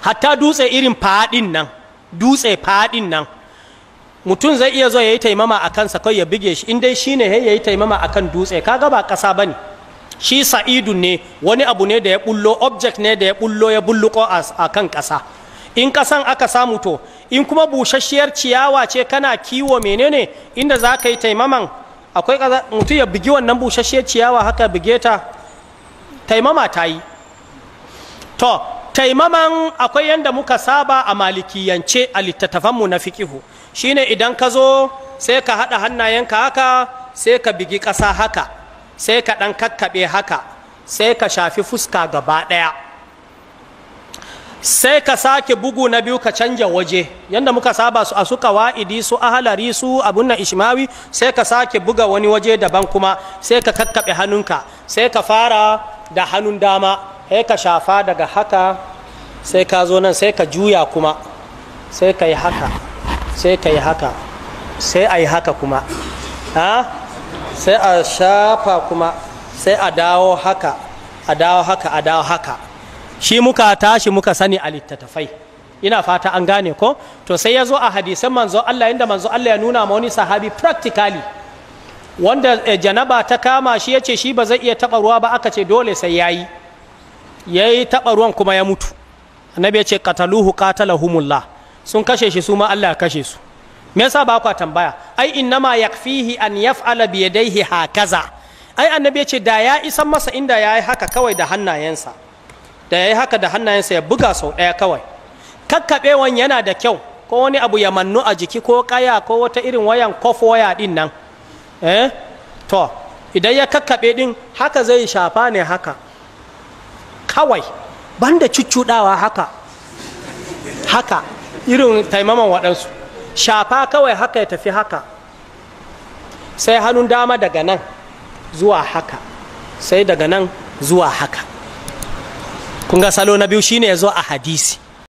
hatta dutse irin faɗin nan dutse faɗin nan mutum zai iya zo ya yi taimama a kansa kai ya bige shi in dai shi ne ya yi taimama a kan dutse kaga ba ƙasa ba ne shi sa'idu ne wani abu ne da ya bullo object ne da ya bullo ya bulluko a kan ƙasa in ƙasan aka samu to in kuma busasshiyar ciyawa ce kana kiwo menene inda za ka yi taimaman akwai mutum ya bugi wannan busasshiyar ciyawa haka bugeta taimama ta yi to taimaman akwai yadda muka saba a malikiyance a littattafanmu na fikihu shine idan ka zo sai ka haɗa hannayenka haka sai ka bigi ƙasa haka sai ka ɗan kakkaɓe haka sai ka shafi fuska gaba ɗaya sai ka sake bugu na biyu ka canja waje yadda muka saba su a suka wa'idi su ahalari su abun na ishmawi sai ka sake buga wani waje daban kuma sai ka kakkaɓe hannunka sai ka fara da hannun dama sai ka shafa daga haka sai ka zo nan sai ka juya kuma sai ka yi haka sai ka yi haka sai a yi haka kuma ha sai a shafa kuma sai a dawo haka a dawo haka a dawo haka shi muka tashi muka sani a littattafai ina fata an gane ko to sai ya zo a hadisan manzo Allah inda manzo Allah ya nuna ma wani sahabi practically wanda eh, janaba ta kama shi ya ce shi ba zai iya taɓa ruwa ba aka ce dole sai ya yi ya yi taɓa ruwan kuma ya mutu annabi ya ce qataluhu qatalahumullah sun kashe shi su ma Allah ya kashe su me yasa ba kwa tambaya ai innama yakfihi an yaf'ala bi yadayhi hakaza ai annabi ya ce da ya isan masa inda ya yi haka kawai da hannayensa da ya yi haka da hannayensa ya buga sau ɗaya kawai kakkaɓewan yana da kyau ko wani abu ya mannu a jiki ko kaya ko wata irin wayan kof waya din nan eh to idan ya kakkaɓe din haka zai shafa ne haka kawai banda cuccuɗawa haka haka irin taimaman waɗansu shafa kawai haka ya tafi haka sai hannun dama daga nan zuwa haka sai daga nan zuwa haka kun ga salo na biyu shine ya zo a hadisi